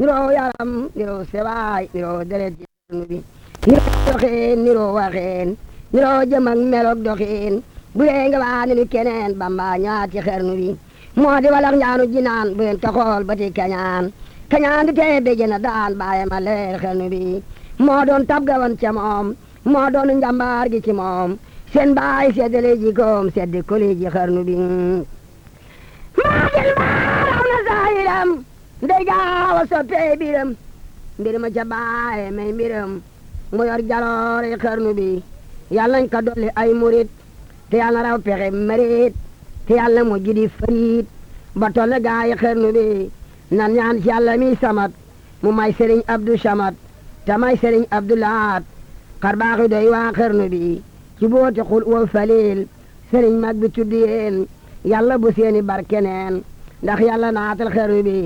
niroo yaram niroo sewaay niroo deret ji nu bi niroo doxin niroo waxin niroo jëm ak meloog doxin nga waa ni keneen bamba ñaati xernu bi moo di walax njaanu jinaan bu leen ka ba ti kañaan kañaan di tee béje daan bàyyi ma leer bi moo doon tab gawan ca moo doon njambaar gi ci moom seen baay seddale koom seddi kuli ji bi maa jël maa raw na zaahiram day gaaw a soppee biram mbir ma ca baaye may mbiram mu yor jaloore xarnu bi yàlla nañ dolli ay murit te yàlla raw pexe marit te yàlla mu jidi farit ba toll gaay xarnu bi nan ñaan ci yàlla mi samat mu may sëriñ abdou samat te may sëriñ abdou laat xar baaxi doy waa xarnu bi ci booti xul wa falil sëriñ mag bi tudd yéen yàlla bu seeni barkeneen ndax yàlla naatal xarnu bi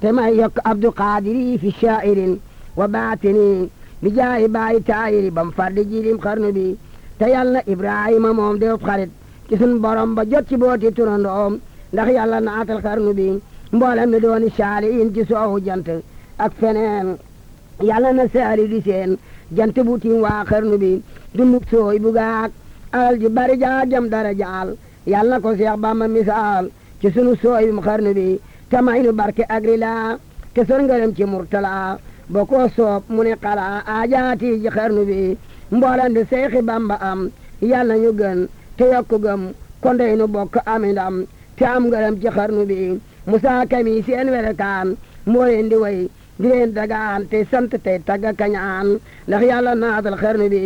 te may yokk abdu qaadiri fi shaa'irin wa baatini mi jaayi baayi taayiri bam fardi jiilim xarnu bi te yal na ibrahima moom dewub xarit ci sun borom jot ci booti turandoom ndax yàlla naatal xarnu bi mboolem mi dooni saaliin ci soowu jant ak feneen yàlla na saali di jant bu tiim waa xarnu bi dunduk sooy bu gaak alal ji bari jaa jam dara jaal yàlla ko seex bamba misaal ci sunu sooyum xarnu bi kamaylu barke agrila te sor ngërëm ci murtala ba koo soob mu ne xala aajaati ji xarnu bi mboolan di seyxi bamba am yàlla ñu gën te yokku gëm kondey nu bokk ami ndam te am ngërëm ci xarnu bi musaa kami seen welekaan moo leen di way di leen dagaan te sant tey tagga kañaan ndax yàlla naatal xarnu bi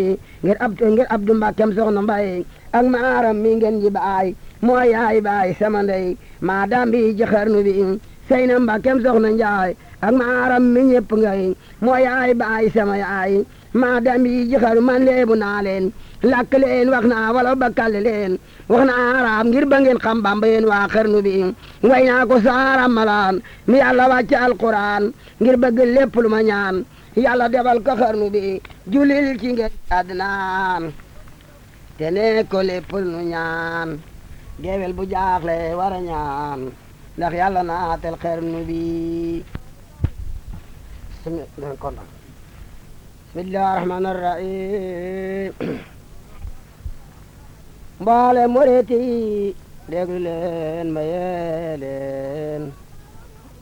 ngir ab ngir abdu soxna mbay ak maaram mi ngeen ji baay moo yaay baay sama ndey maa dam bi ji sey na mbakem soxna njaay ak maaram mi ñëpp ngay moo yaay baay sama yaay maa dam bi man leebu naa lakk leen wax naa wala bakkal leen wax naa araab ngir ba ngeen xam Bamba waa xarnu bi way naa ko saaram malaan mi yàlla wàcce alquran ngir bëgg lépp lu ma ñaan yàlla defal ko xarnu bi julil ci ngeen adnaan te ne ko lépp lu ñaan géwél bu jaax war a ñaan ndax yàlla naatel xernu bi bismillahi rahmaani rahim mboole murit yi leen ma yee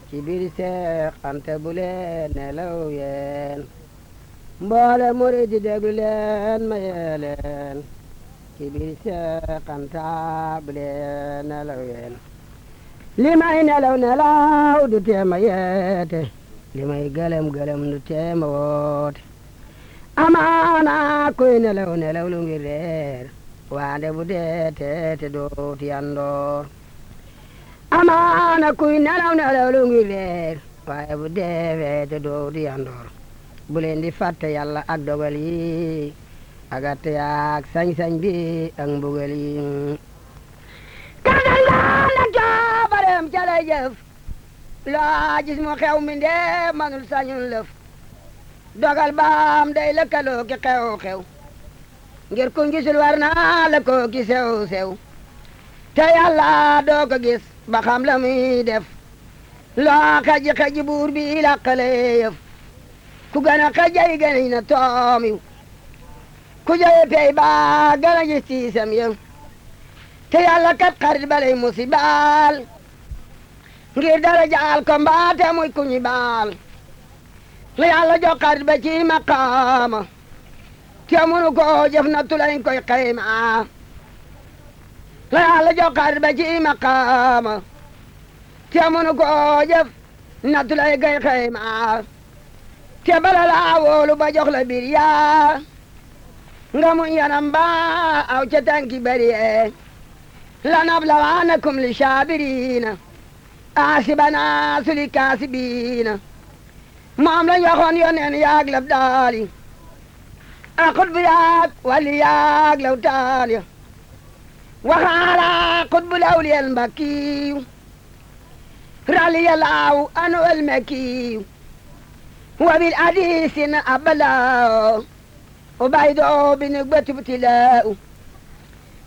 ci biir seex ante bu leen nelaw yeen mboole murit yi leen ma yee ci biir seexam taablee nelaw yeen li nelaw nelaw du teema yeete li may gëlëm du teema woote amaana kuy nelaw nelaw lu ngir reer waaye bu dee feete yandoor bu leen di fàtte yàlla ak dogal yi ak a teyaak sañ-sañ bi ak mbugal yi kàttan ngaa nag coobareem ca lay jëf loo gis mu xew mi ndee manul sañul lëf dogal baam day lëkkaloo ki xew-xew ngir ku gisul war naa la ko ki sew-sew te yàlla doo ko gis ba xam la muy def loo xaji xaji buur bi làqale yëf ku gën a xajay na toomiw ku jële pey ba gana gis tiisam yëm te yàlla kat xarit balay musibaal ngir dara jaal ko mbaate muy ku ñi baal la yàlla jox xarit ba ci maqaama te munu ko jëf na tulañ koy xayma la yàlla jox xarit ba ci maqaama te munu ko jëf na tulañ koy xayma te bala laa wóolu ba jox la bir nga muñ yanam ba aw ca tànki bariye lanablawaanakum li saabiriina aasibana suli kaasibiina moom lañ waxoon yoneen yaag lab daali akut bu yaag wali yaag law taali waxaara kut bu lawliyel mbakkiyu raliyel aw anuwel mekkiyu wabil adiisin abalaaw وبعده بنقبة ابتلاء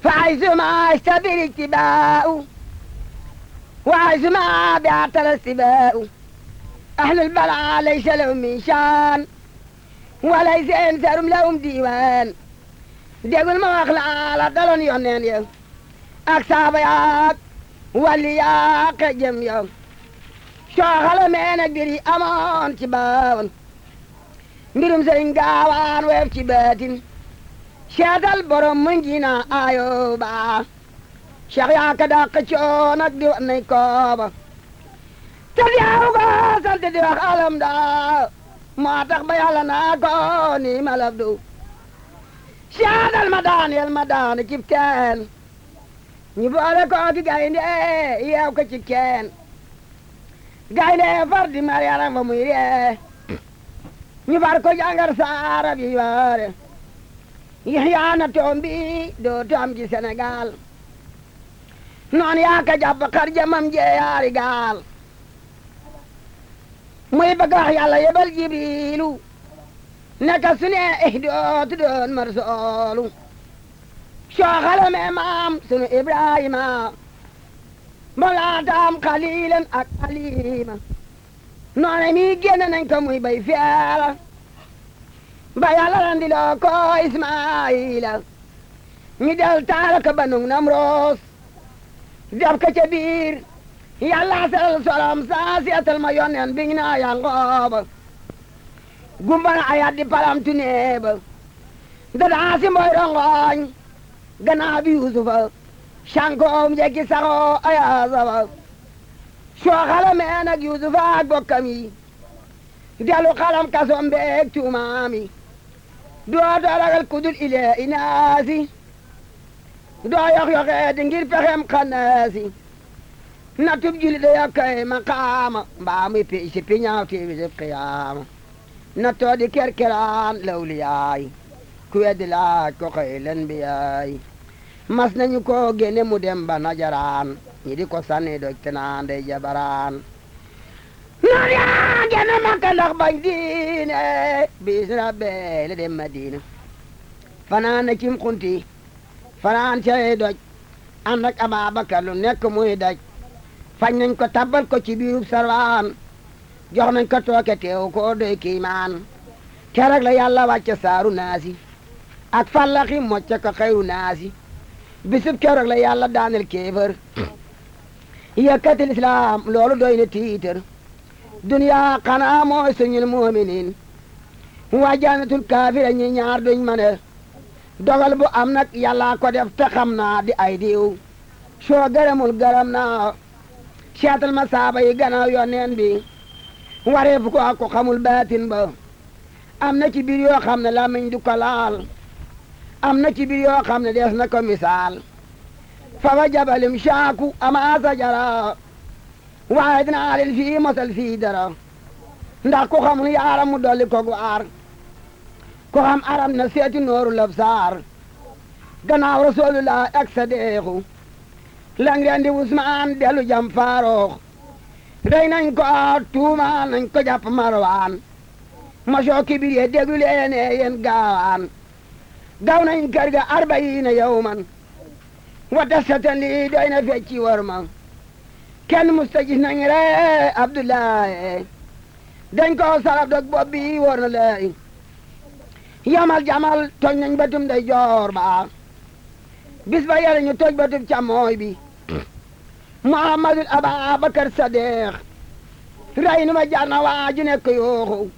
فعايز ما اشتبر اجتباء وعايز ما بعتر استباء أهل البلع ليس لهم من شان وليس إنسان لهم ديوان ديقوا المواخلة على دلون يغنين يو أكساب ياك ولياك جم يو شاخل من أجري أمان تباون mbirum sëñ gaawaan weef ci baatin seetal borom mu ngi na ayo ba cheikh yaa ka dàq ak di wax nay kooba te yaaw ko sant di wax alam daa moo tax ba yàlla naa ko ni ma lab du seetal ma daan yel ma daan cib teen ñu boole ko ki gaynde yeew ko ci teen gaynde far di mar yaram fa muy ree ñu far ko saara bi waare yi xiyaana toom bi dootu am ci Sénégal noon yaa ka jàpp xar jamam jeeyaari gaal muy bëgg wax yàlla yebal jibilu nekka su ne eh dootu doon mar soolu sooxale me maam sunu Ibrahima mbolaataam xaliilan ak xaliima noona mi génn nañ ko muy bay fiala ba yàlla randiloo ko Ismaayila ñu del taal ko ba nung Namroos def ko biir yàlla seral solom saa seetal ma yonneen bi ñu yàngooba gumbana ayat di palamtu nee ba dadaa si mboy rongooñ gannaaw bi Yuusufa shankoom jekki saroo ayaasa ba soo xalamee nag Yuusufa ak bokkam yi delu xalam kasom beeg tuumaam yi dootoo ragal kudul ilee inaasi doo yox-yoxee di ngir pexem xanaasi na tub juli da yokkay maqaama mbaa muy pi si piñaaw tiibi sib xiyaama na too di kerkeraan lawliyaay ku weddi laaj ko xëy len biyaay mas nañu koo génne mu dem ba najaraan ñi di ko sànni doj te naa ndey jabaraan noon yaa génn Makka ndax bañ diine bis na bee la dem Madina fanaan na cim xunti fanaan cay doj ànd ak Ababakar lu nekk muy daj fañ nañ ko tabal ko ci biirub sarwaan jox nañ ko tooke teew koo doy kiimaan keroog la yàlla wàcce saaru naasi ak fallaxi mocce ko xayru naasi bisub keroog la yàlla daanel kéefër yëkkatil islaam loolu doy na tiitër duniyaa xanaa mooy suñul muuminiin waa jaanatul kaafira ñi ñaar duñ mane dogal bu am nag yàllaa ko def te xam naa di ay diw soo gërëmul gërëm naa seetal ma saaba yi gannaaw yoneen bi waree fu ak ko xamul baatin ba am na ci biir yoo xam ne lamiñ du am na ci biir yoo xam ne dees na ko misaal فوجب الامشاك أما سجرا waaye dina aalil fii mosal fii dara ndax ku xamul yaaram mu dolli kogu aar ku xam aram na seeti nooru labsaar gannaaw rasulullah ak sadeexu lang reen di usmaan dellu jam faaroox rey nañ ko a tuuma nañ ko jàpp marwaan mosoo kibir ye déglu leene yéen gaawaan gaw kër ga arbayiina yawman wata satan lii doy na fecc ci war ma kenn musta gis nañu ree Abdoulaye dañ ko sarab dog bopp na lay yamal jamal toj nañ batum joor ba bis ba ñu toj batum càmmooy bi Muhammadul Ababakar Sadeex rey nu ma jaar na nekk yooxu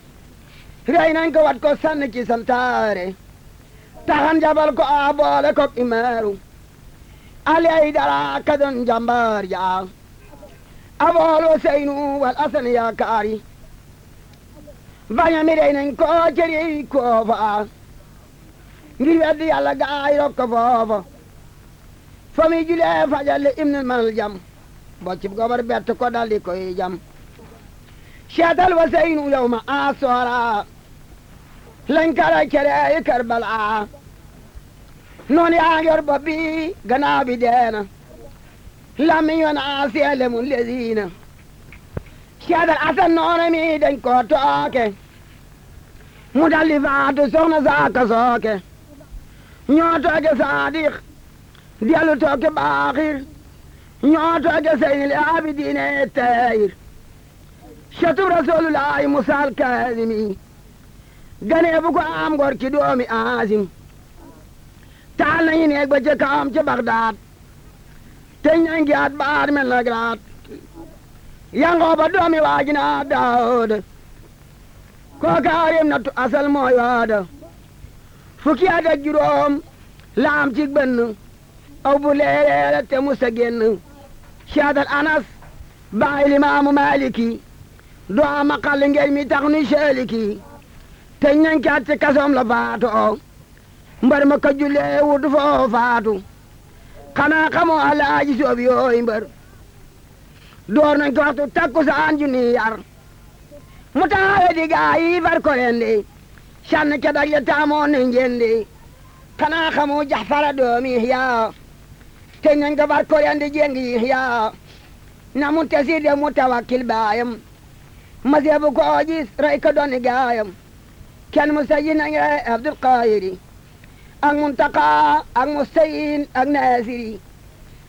rey nañ ko wat ko sànn ci santaare taxan jabal ko a boole ko imaaru Ali Aydara ka doon jàmbaar ja abool wa seynu wal asan yaakaar yi baña mi dey nañ ko cëri koofa ngir weddi yàlla gaay rokk foofa fa mi julee fajalle ibnul manal jam boccib gobar bett ko daldi koy jam seetal wa seynu yow ma asoora lañ kara cere karbala noon yaa yor bopp bi gannaaw bi deena lami yoon aasiyale mu lesiina seedal asan noona mi dañ ko tooke mu dalli faatu soxna saaka sooke ñoo tooke saadiq dellu tooke baaxir ñoo tooke seynil aabidiine tayir satub rasulullahi musal kaasimi ganee bu am gor ci doomi aasim taal nañu neeg ba ca kawam ca Bagdaad tëj nañ giyaat ba armel na graat yangoo ba doomi waaji na Daawuda koo kaarim na tu asal mooy waada fukki at ak juróom laam ci bënn aw bu leereere te musa génn Cheikh Anas bàyyi limaamu Maliki doo ama xall ngeen mi tax ni seeliki tëj nañ kaat ci kasoom la faatoo mbar ma ka jullee wut foo faatu xanaa xamoo alaaji soob yooyu mbar door nañ ko waxtu takku saan junni yar mu taxawe di gaa yi far ko rendi sànn ca dag ya taamoon nañ jendi xanaa xamoo jaxfara doomi Yahya te nañ ko far ko rendi jengi Yahya na mu tesi de mu tawakkil baayam ma seebu ko gis rey ko doni gaayam kenn mu sayi na nga Qaahiri ak muntaka ak mustayin ak naasiri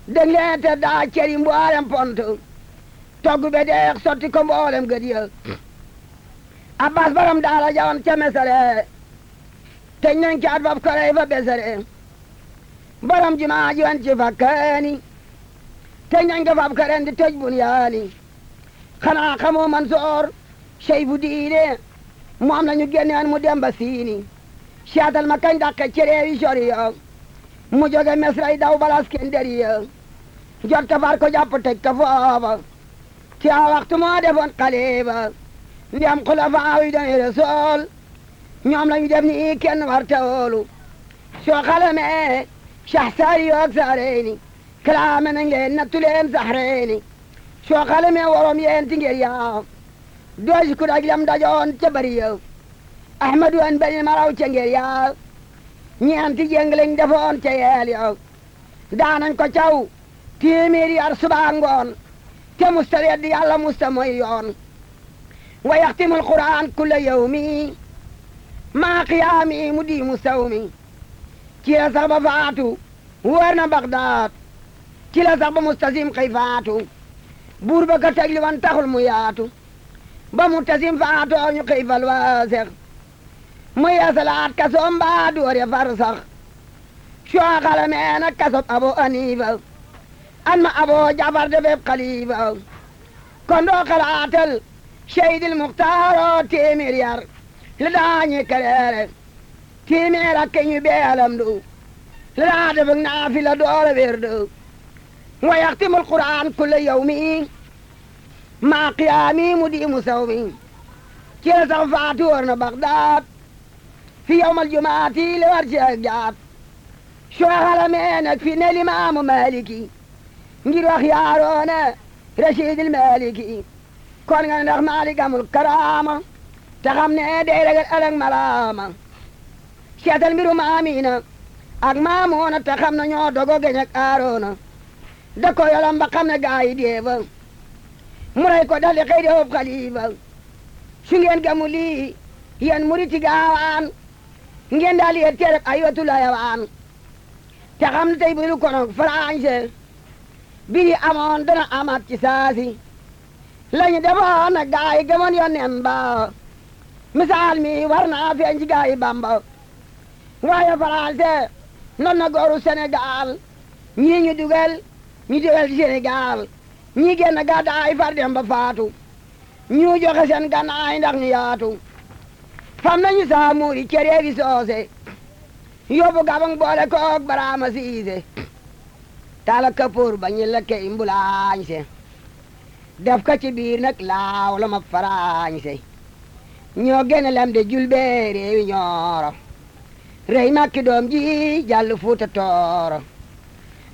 dëngeete daa ceri mboolem pont togg be deex sotti ko mboolem gët ya abbas baram daala jawan ca mesare teñ nañ caat bab korey fa besare baram jumaa ji fakkaani teñ nañ ko fab karen di tëj bunyaani xanaa xamoo man soor sey fu diine moom la ñu génneen mu dem siini seetal ma kañ dàqe ci réew yi sori ya mu jóge daw balas kenderi ya jot ka far ko jàpp tëj ka ci a waxtu moo defoon xaliba ndiyam xulafaa yi dañu rasool ñoom lañu def ni kenn war tawolu soo xalamee sax saari yoog saareyni kalaame nañ leen nattu leen saxreyni soo xalamee waroom yeen ti ngir yaa doosi ku daj lam dajoon ca bari yow ahmadu an bari ma raw ca ngir yaaw ñeenti jéng lañ defoon ca ko caw téeméeri yar subaa ngoon te musta weddi yàlla musta mooy yoon wa yaxtimul quraan kulla yawmi maa qiyaami mu diimu sawmi ci la sax ba faatu wóor na Bagdaad ci la sax ba mustasim xëy faatu buur ba ko tegli woon taxul mu yaatu ba mustasim faatoo ñu xëy fal waasex mu yeesalaat kasoom mbaa door ya far sax cooxala mee na kasoom Abu Hanifa an ma Abu Jafar defeeb xalifa kon doo xalaatal Seydil Muxtaaro téeméer yar li daañi kereere téeméer ak keñu beelam du li daa defek naafila doora wér du wa yaxtimul quraan kulla yawmi maa qiyaami mu diimu sawmi ci la sax faati war na Bagdaad في يوم الجمعة لورشة جاب شو هرمينك فينا الإمام مالكي ngir wax yaaroona rachidil maliki kon nga ndax malik amul karaama te xam ne day ragal alag malaama seetal mbiru maamina ak maamoona te xam ne ñoo dogo geñ aaroona da yolam ba xam ne gaa yi mu rey ko dali xëy di xalifa su ngeen gamu lii yéen muri ci gaawaan ngeen daal di yegg teereb aywatul ayawaan te xam ne tey bu ñu konoog français bi ñu amoon dana amaat ci saasi la ñu defoon nag gaa yi gëmoon yoneen ba misaal mi war naa feeñ ci gaa bamba waaye français non na gooru Sénégal ñii ñu dugal ñu dugal ci Sénégal ñii génn gàddaay far dem faatu ñu joxe seen gannaay ndax ñu yaatu fam nañu saamuuri cereeri soose yóbbu gabang boole koog baraama siise tala ba ñu key mbulaañse def ko ci biir nag laaw la ma faraañse ñoo gene lam de julbee réewi ñooro rey makki doom ji jàll fuuta tooro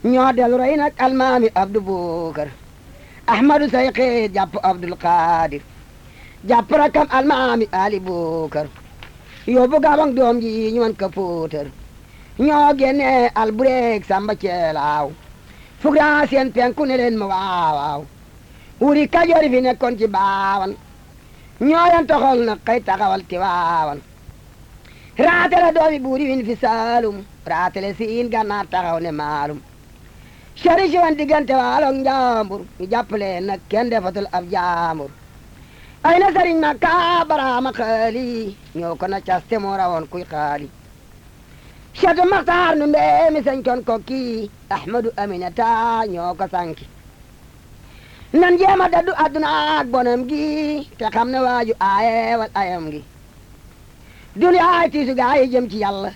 ñoo del rey nag almaami abdu bukar ahmadu say xeet jàpp abdul qaadir jàpp rakkam almaami Ali Bokar yóbbu gabang doom ji ñu man ka póotar ñoo génne albureeg samba ceelaaw fuk raa penku ne ma waawaaw wuri kajoor fi nekkoon ci baawan ñoo toxol na kay taxawal ti waawan raatale doomi buuri win fi saalum raatale siin gànnaar taxaw ne maalum seri si wan diggante waaloog njaambur ñu jàpp leen nag kenn defatul ab jaambur ay na sëriñ ma ka baraama xaali ñoo ko na caste moo rawoon kuy xaali chatu maxtaar nu mbeemi sañcoon kokki ahmadu aminata ñoo ko sànki nan jeema daddu adduna ak gi te xam ne waaju aaye wal ayam gi duniyaay tiisu gaa yi ci yàlla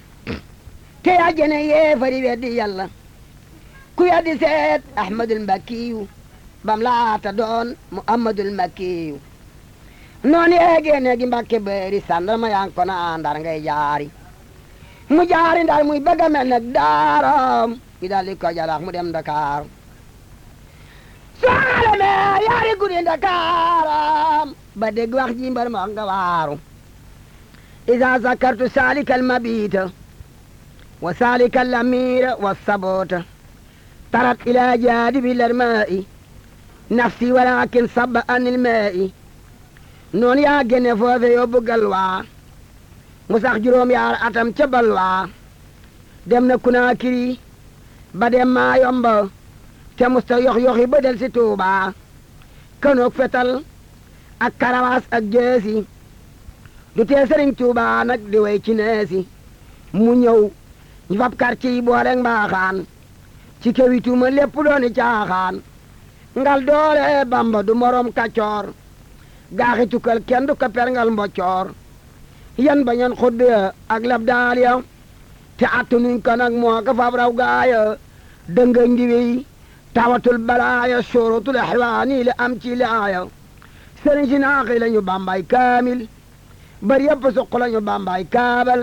te yaa jene yee weddi yàlla ku weddi seet ahmadul makkiyu bam laata doon muhammadul makkiyu noon ee geene gi mbakke beeri sandal ma yang ko na andar ngay e jaari mu jaari ndar muy bëgg a mel daaram i daldi ko jalax mu dem Dakar soxale me yaari guddi e Dakaram ba dégg wax ji mbar moo nga waaru iza zakartu salika almabita wa salika alamira wa sabota tarat ila jadibi larmai nafsi walakin saba an ilmai noonu yaa génne foofe yóbbu galwaa mu sax juróom yaar atam ca balwaa dem na Kunaakiri ba dem maa yomba te musta yox yoxi si Tuubaa kanoog fetal ak karawaas ak jeesi du tee sëriñ nag di way ci neesi mu ñëw ñu fab quartier yi boole mbaaxaan ci kewituma lépp dooni caaxaan ngal doole Bamba du morom kacoor gaaxi cukkal kenn du ko perngal mboccoor yan bañan xudd ya ak lab daal ya te attanuñ ko nag moo ko fab raw gaaya dënga ndiwiy tawatul balaaya sóoratul xiwaani li am ci laaya sëriñ si naaxi la ñu bàmbaay kaamil bari yëpp suq ñu bàmbaay kaabal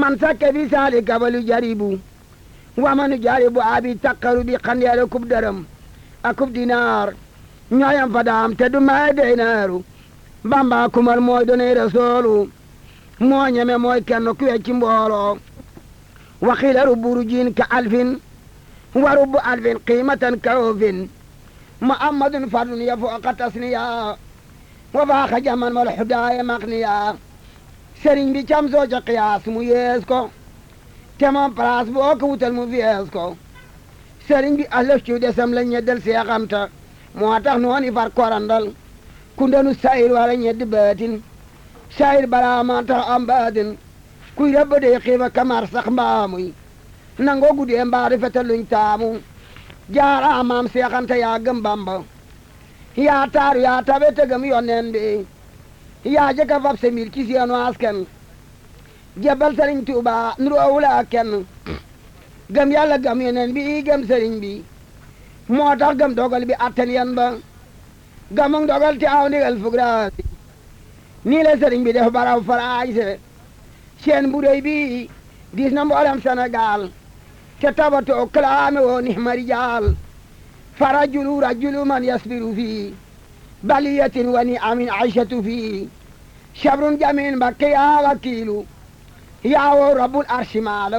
man sakke bi saali kabalu jaribu wamanu jaribu abi takkaru bi xandeela kub dërëm akub dinaar ñooyam fadaam te du maay deynaaru bamba kumal mooy donay rasoolu moo ñeme mooy kenn ku wecci mbooloo waxilaru burujiin ka alfin waru bu alfin qiimatan kawfin muhammadun fardun ya fooqa tasniya wa faaxa jaman wal xudaaye maqniya sëriñ bi cam soo ca qiyaas mu yees ko te moom place boo ko wutal mu fiyees ko sëriñ bi alëf ciw desam ñeddal seexam ta moo tax noonu far korandal kundanu sayir wala ñeddi baatin sayir balaa maa tax am baatin kuy rabba dey xiifa kamar sax mbaamuy nangoo guddee mbaari fete luñ taamu jaara maam seexante yaa gëm bamba yaa taaru yaa tabe te gëm yonneen bi yaa jëkka fab semil ci seenu askan jebal sëriñ Tuuba nuroowula ak kenn gëm yàlla gëm yonneen bi gëm sëriñ bi moo tax gam dogal bi attan yan ba gamug dogal te aw ndigal nii la sëriñ bi def baraw faraayse seen bu bi diis na mboolem Sénégal te tabatoo kalaame woo nihma rijaal fa rajulu rajulu man yasbiru fii baliyatin wa ni amin aishatu fii sabrun jamin bakke yaa wakiilu yaa woo rabbul arshi maa la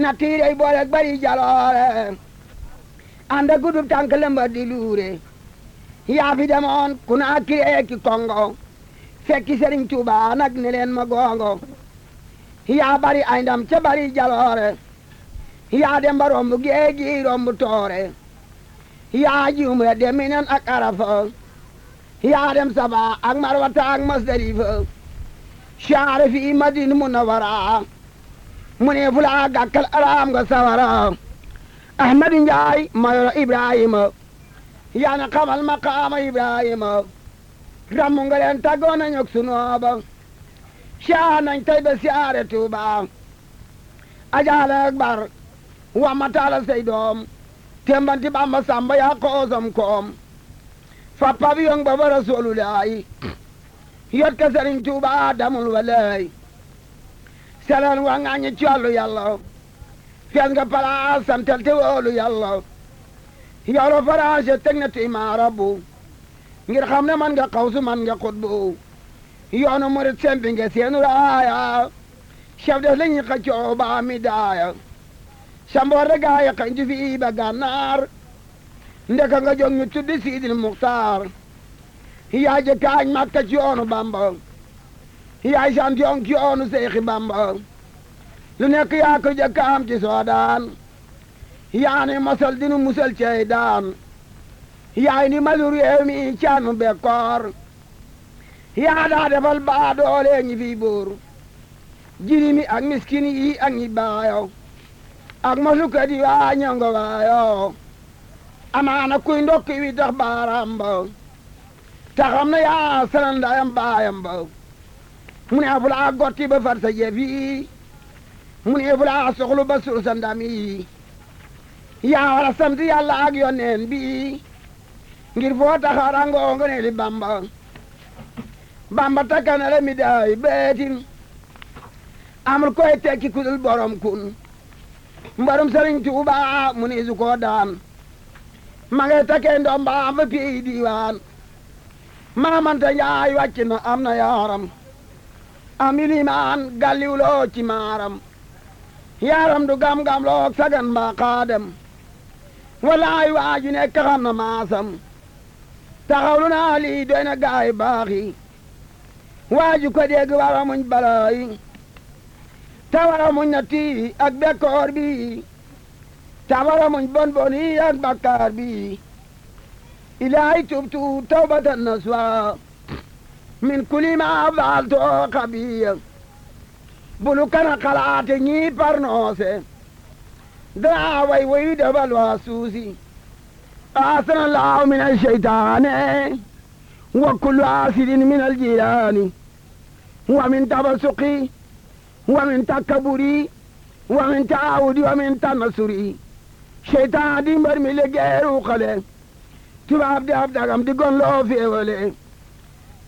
na tiirey boole bari jaloore ànd ak gudub tànk lëmba di luure yaa fi demoon ku naa kireeki kongo fekki Serigne Touba nag ne leen ma gongo yaa bari ay ndam bari jaloore yaa dem ba romb géeji romb toore yaa juume dem Minan ak Arafa yaa dem Saba ak Marwata ak Masdalifa caare fi Madina Munawara mu ne fu laa gàkkal nga sawara Ahmed Ndiaye ma yoro Ibrahima yaa na xamal maqaama Ibrahima ràmm nga leen tàggoo nañu ak sunu ba caa nañ tey ba siyaare Tuuba ajaala akbar wa taala say doom tembanti Bamba Samba yaa koosam koom fa pavillon ba ba Rasululaayi yot ka Sëriñ Tuuba damul walaay seleen wa ŋaañi ci wàllu yàlla fees nga palaas santal te woolu yàlla yoro faraaje teg na tuy maara ngir xam ne man nga xawsu man nga xutbu yoonu murit sempi nga seenu raaya chef def la ñuy xëccoo baa mi daaya samboor da gaaya xañ ci fii ba gànnaar ndeka nga jóg ñu siidil muxtaar yaay jëkkaañ makka ci yoonu bamba yaay champion ci yoonu seexi bamba lu nekk yaa ko jëkk ci soodaan yaa ni mosal dinu musal cey daan yaay ni malu réew mi caanu bekkoor yaa daa defal baa doole ñi fi buur jini mi ak miskin yi ak ñi baayo ak masukat yi waa ñongo waayo amaana kuy ndokk wi tax baaraam ba taxam na yaa sanandayam baayam ba mu ne afulaa gotti ba far sa mu ne fulaa soxlu ba sur sa ndam yi yaa war a sant ak yoneen bi ngir foo taxaarangoo nga ne li bamba bamba takkana la mi daay beetin amul koy tekki kudul borom kun mbarum sëriñ Tuuba mu ni su koo daan ma ngay takkee ndombaam fa piyi diiwaan maamanta njaay wàcc na am na yaaram am ilimaan galliwloo ci maaram yaram du gam-gam loog sagan ba xaadem walaay waa ju xam na maasam taxawlu naa lii doy na gaay baax yi waa ju ko muñ balaa yi te muñ natt yi ak bekkoor bi te war muñ bon ak bakkaar bi ilaay tubtu tawbatan nasuwa min kulli ma faaltoo xabiya bulu kana xalaate ñii parnoose daa way way defal waa suusi aasana laaw min alcheytaane wa kullu aasidin min aljilaani wa min tabasuqi wa min takkaburi wa min taawudi wa min tanasuri cheytaan di mbar mi liggéeru xale tubaab dagam di gon loo féewale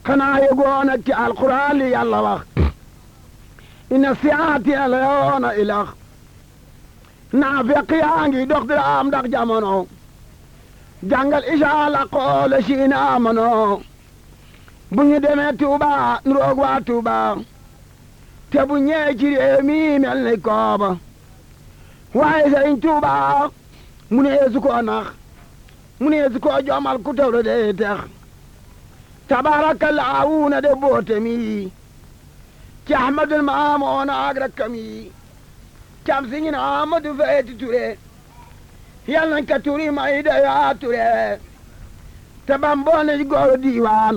xanaa yëgoon ak ci alquran li yàlla ina siyaati a layoona ilax naa feq yaa ngi doxtiraam ndax jamono jàngal isaa la qoole siina amano bu ñu demee Tuuba nu roog waa Tuuba te bu ñee ci réew mi mel ni kooba waaye sëriñ Tuuba mu ne yeesu koo nax mu ne yeesu koo joomal ku tewre de tex tabaarakallaahu na de boote mi ci ahmadul maamoon ak rakkam yi cam si ñin ahmadu feeti ture yal nañ ka turi may dayaa ture te bamboon ci gooru diiwaan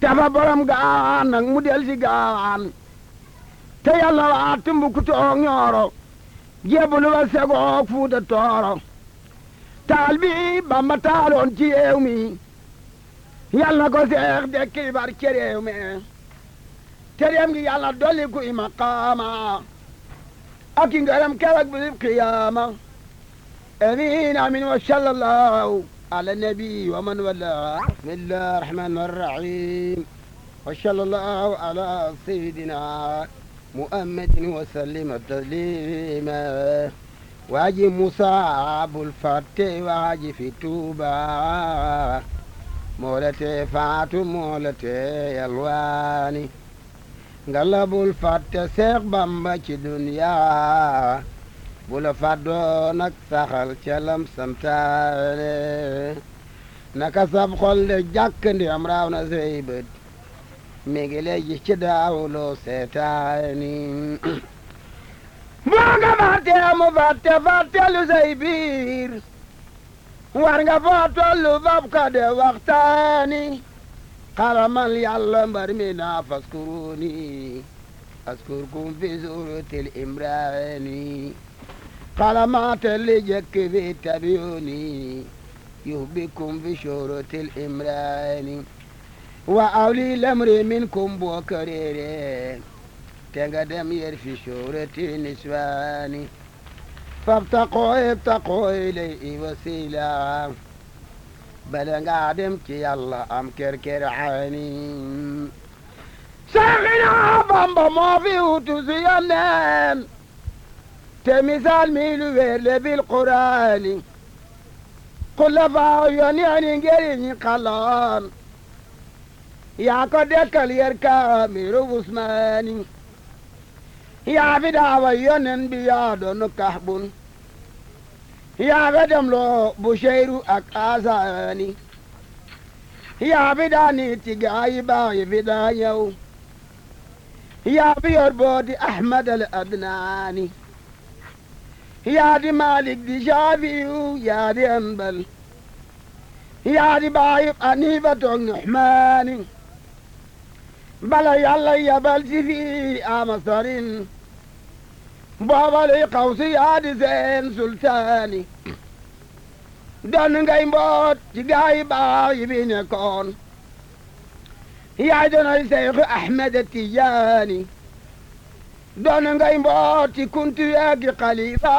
tafa borom gaawaan nag mu del si gaawaan te yàlla waa tumbu ku toog ñooro jebulu ba segoog fuuta tooro taal bi bamba taaloon ci yeew mi yàlla ko seex dekki bar ci mi tereem ngi yàlla dolli kuy maqaama ak i ngërëm keroog bi amiin amiin wa sallallahu ala nabi wa man wala bismillahi rahmani rahim wa sallallahu ala sayidina muhammadin wa sallima taslima waaji Musa abul fatte waaji Tuuba moo faatu moo la nga labul fàtte seex bamba ci duniyaa bu la fàddoon saxal calam samtaane naka sab xol de jàkkandi am raaw na say bët mi ngi ci daawuloo seetaani boo nga fàtte mu fàtte fàtte lu say biir war nga foo tollu fab ka de waxtaani xaramal yàlla mbar mi naa faskuruni askurkum fi suratil imraani xaramaatal li jëkk fi tabiyuni yuhbikum fi suratil imraani wa awli lamri minkum boo ko réeree te nga dem yer fi suratil niswaani fabtaqoo ibtaqoo ilayhi wasila bale ngaa dem ci yàlla am kër aani Seexina Bamba moo fi wutu si te misaal mi lu le bil quraani kulla faaw yoon yooni ngeri ñi xaloon yaa ko dekkal yer kaamiru usmaani yaa fi daawa yonen bi yaa doonu kahbun yaaɓe ɗemlo busheyru ak asani yaaɓe ɗani tigayi ɓayi fiɗa yaw yaaɓe yorɓoodi ahmad al adnani yaadi malik di shafiu yaadi anbal yaadi ɓayi anifa tog nuhmani bala yalla yabal sifi amasarin boobali xawsi yaa di seen sultaani doon ngay mboot ci gaay yi bi nekkoon yaay doonoy Seyxu Ahmed Tijaani doon ngay mboot ci kuntu yeegi xalifa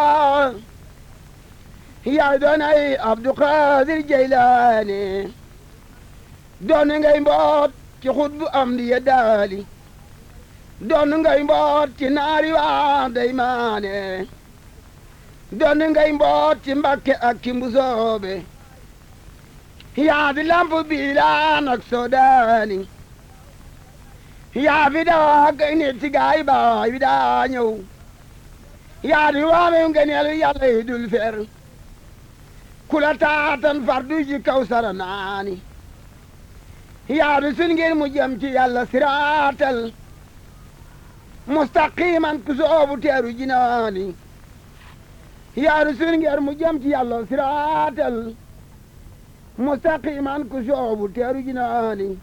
yaay doonay Abdu Xaadir Jeylaani doon ngay mboot ci xutbu am di ye daali doon ngay mboot ci naari waa day maane doon ngay mboot ci mbakke ak ci mbusoobe yaa fi lamp biilaan ak sodaani dawa ak nit ci gaay baay bi daa ñëw yaa di waame ngeneel yàlla yi dul fer kula taatan fardu ji kaw naani yaa sun ngeen mu jëm ci yàlla siraatal mustaqiman ku soobu teeru jinaani yaaru sun ngeer mu jëm ci yàlla siraatal mustaqiman ku soobu teeru jinaani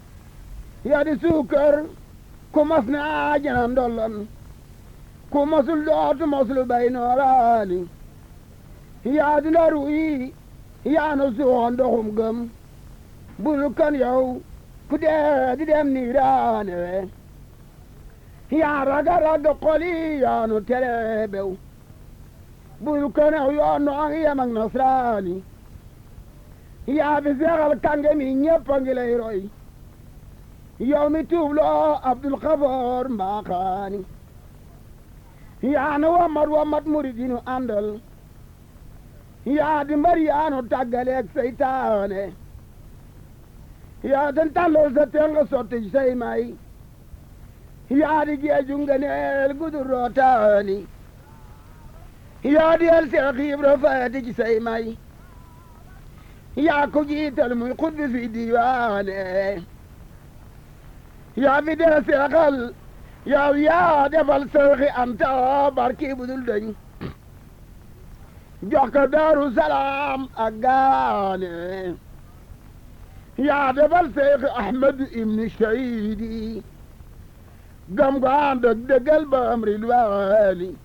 yaari suukar ku mas naa jana ndollon ku masul dootu masulu bay nooraani yaadi ndaru yi yaanu suwoon doxum gëm bul kan yow ku dee di dem niiraane we yaa raga raga xoli yoonu tere bew bul kënex yoon no ang yem ak nasraani yaa fi seexal kànge mi ñëpp a ngi roy yow mi tuubloo Abdul Xafoor Mbaaxaani yaa nu wamat wamat murid yi nu àndal di mbar yaa nu tàggaleeg seytaane yaa den tàllal sa teel sotti say may yaadi géeju ngëneel gudur rootaani yaa di el Seex Ibra faati ci say may yaa ko jiital muy xuddu fi diwaane yaa fi dee seexal yow yaa defal sëxi Anta barki budul dañ jox ko Daaru Salaam ak gaane yaa defal sëxi Ahmed ibni Shaydi gam ko ànd ak dëggal ba am ridwaani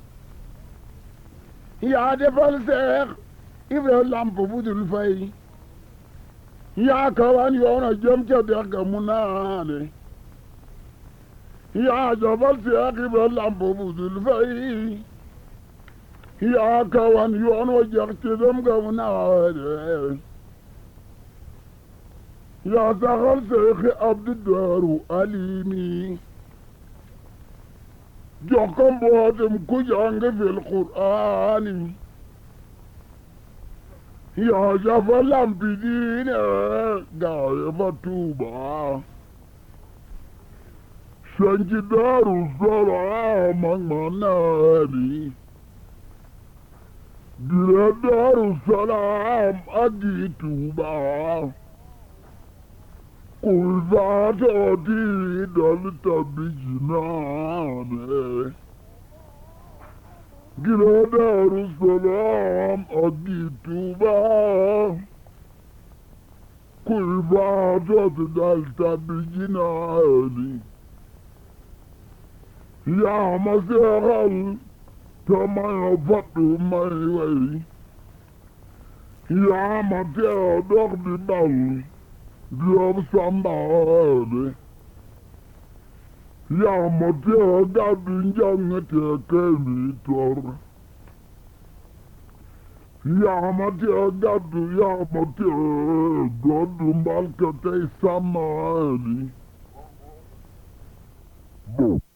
yaa defal seex ibra lamp bu dul fay yaa kawan yoona jëm ca dex ga mu naane yaa defal seex ibra lamp bu dul fay yaa kawan yoon wa jex ci dem ga mu naane yaa saxal seexi abdu daaru alimi yakamboate mkujange fil qur'ani yasafa lampidine gayefa tuba sanci daru sara magmanari dire daru salam agi tuba Uzata odiri dọlịta biji naanị. Gịnị ọrụ salam ọdịtụba? Kụlba adọtị dọlịta biji naanị. Ya amasị ahụ tọmanyọ fatụ mmanya iwe. Ya amasị ọdọ dị balụ. love somebody. Ya mo ti o da bi mi tor. Ya mo ti o da bi ya mo ti o go du mal ke